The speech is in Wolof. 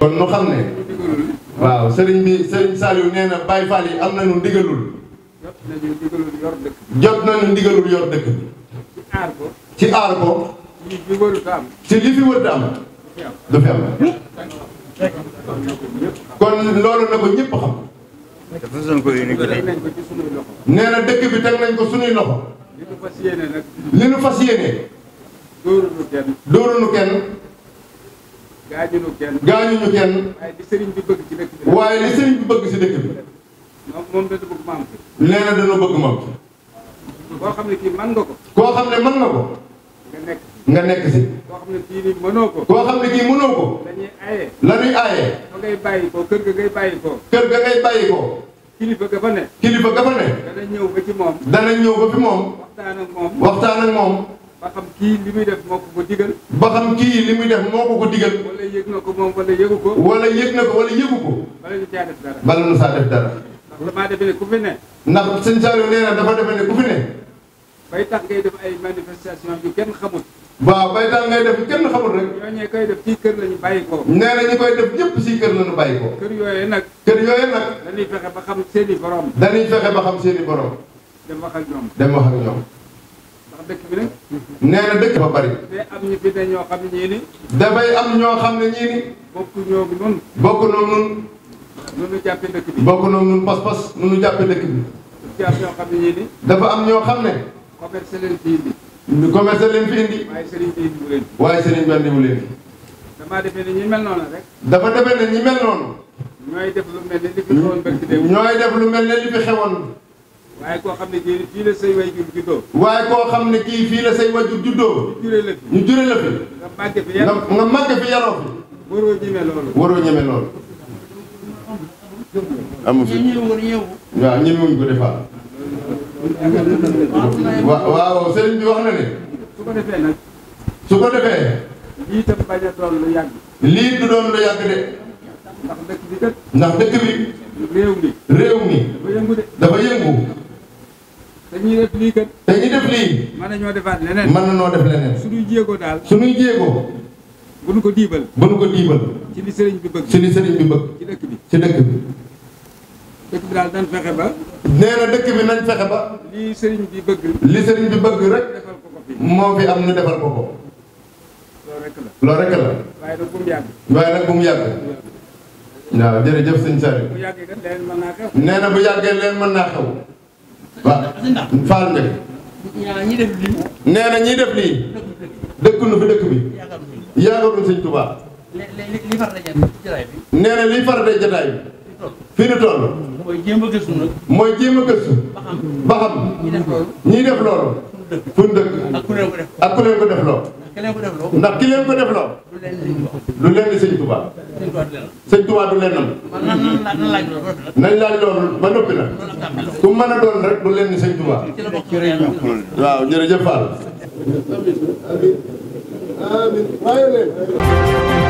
kon nu xam ne waaw sëriñ bi sëriñ Saliou nee na Baye Fall yi am nañu ndigalul jot nañu ndigalul yor dëkk bi ci aar ko ci li fi wër am du fi kon loolu na ko ñëpp xam nee na dëkk bi teg nañ ko suñuy loxo li nu fas yéene dóorunu kenn gaañuñu kenn. gaañuñu kenn. waaye li sëriñ bi bëgg ci dëkk bi. waaye li sëriñ bi bëgg ci dëkk bi. moom moom dana bëgg maam nee na dana bëgg maam koo xam ne kii mën nga ko. koo xam ne mën nga ko. nekk nga si. koo xam ne kii nii mënoo ko. koo xam ne kii mënoo ko. la ñuy aaye. la ñuy aaye. fa ngay bàyyi ko kër ga ngay bàyyi ko. kër ga ngay bàyyi ko. kilifa ga fa ne. kilifa ga fa ne. dana ñëw ba ci moom. dana ñëw ba fi moom waxtaan ak moom. ba xam kii li muy def moo ko ko digal. ba xam kii li muy def moo ko ko digal. wala yëg na ko moom wala yëgu ko. wala yëg na ko wala yëgu ko. bala ñu caa def dara. bala ñu saa def dara. ndax damaa defe ne ku fi ne. ndax sëñ Saliou nee na dafa defe ne ku fi ne. bay tax ngay def ay manifestation yu kenn xamul. waaw bay tax ngay def kenn xamul rek. ñooñu koy def ci kër la ñu bàyyi ko. nee na ñu koy def ñëpp ci kër la ñu bàyyi ko. kër yooyu nag. kër yooyu nag. dañuy fexe ba xam seen i borom. dañuy xam seen i borom. ak ñoom. dem wax ak nee na dëkk ba bari. day ñoo xam ne dafay am ñoo xam ne ñii ni. bokk ñoo nun. bokk noo nun. nu bokk noo nun pas-pas nu nu jàppee dëkk bi. dafa am ñoo xam ne ñii am ñoo xam ne. commerce leen fi indi. waaye sëriñ bi indiwu leen. waaye sëriñ bi indiwu leen. damaa defee ne ñi mel noonu rek. dafa defee ne ñi mel noonu. ñooy def lu mel ne li fi xewoon. waaye koo xam ne kii fii la say wayjur juddoo. waaye koo xam ne kii fii la say wayjur ñu jure la fi ñu jure la fi. nga màgg fi yaroo fi nga fi yaroo fi. waroo ñeme loolu. waroo ñeme loolu. amu fi waaw ñeme wuñ ko defaat. waaw waaw sëriñ bi wax ne. ko defee nag. su ko defee. lii tam bañ a doon yàgg. lii du doon de. ndax dëkk bi kat. dëkk bi. réew mi réew mi. dafa yëngu dañuy def lii kat. dañuy def defaat leneen. mën nañoo def leneen. suñuy jéego daal. suñuy jéego. bu nu ko diibal. bu nu ko diibal. ci li sëriñ bi bëgg. ci li sëriñ bi bëgg. ci dëkk bi ci dëkk bi. daal nañ fexe ba. nee na dëkk bi nañ fexe ba. lii sëriñ bi bëgg. li sëriñ bi bëgg rek. moo fi am ñu defal ko ko. loolu rek la loolu rek la. waaye nag bu mu yàgg. waaye nag bu yàgg. waaw jërëjëf sëñ Sary. bu yàggee kat nee na bu yàggee leen mën naa xew. ba faal nga nee na def lii dëkk nu fi dëkk bi yaakaaruñ sëñ Tuubaa nee na liy farate jataay bi fii nu toll mooy jéem a gëstu mooy jéem a gëstu ba xam ñiy def loolu fu mu dëkk ak ku ko def loo ndax ki leen ko def loo lu leen di sëñ Tuubaa sëñ Tuubaa du leen nam nañ laaj loolu ba noppi nag ku mën a doon rek du leen di sëñ Tuubaa waaw jërëjëf Fall amiin amiin waaye leen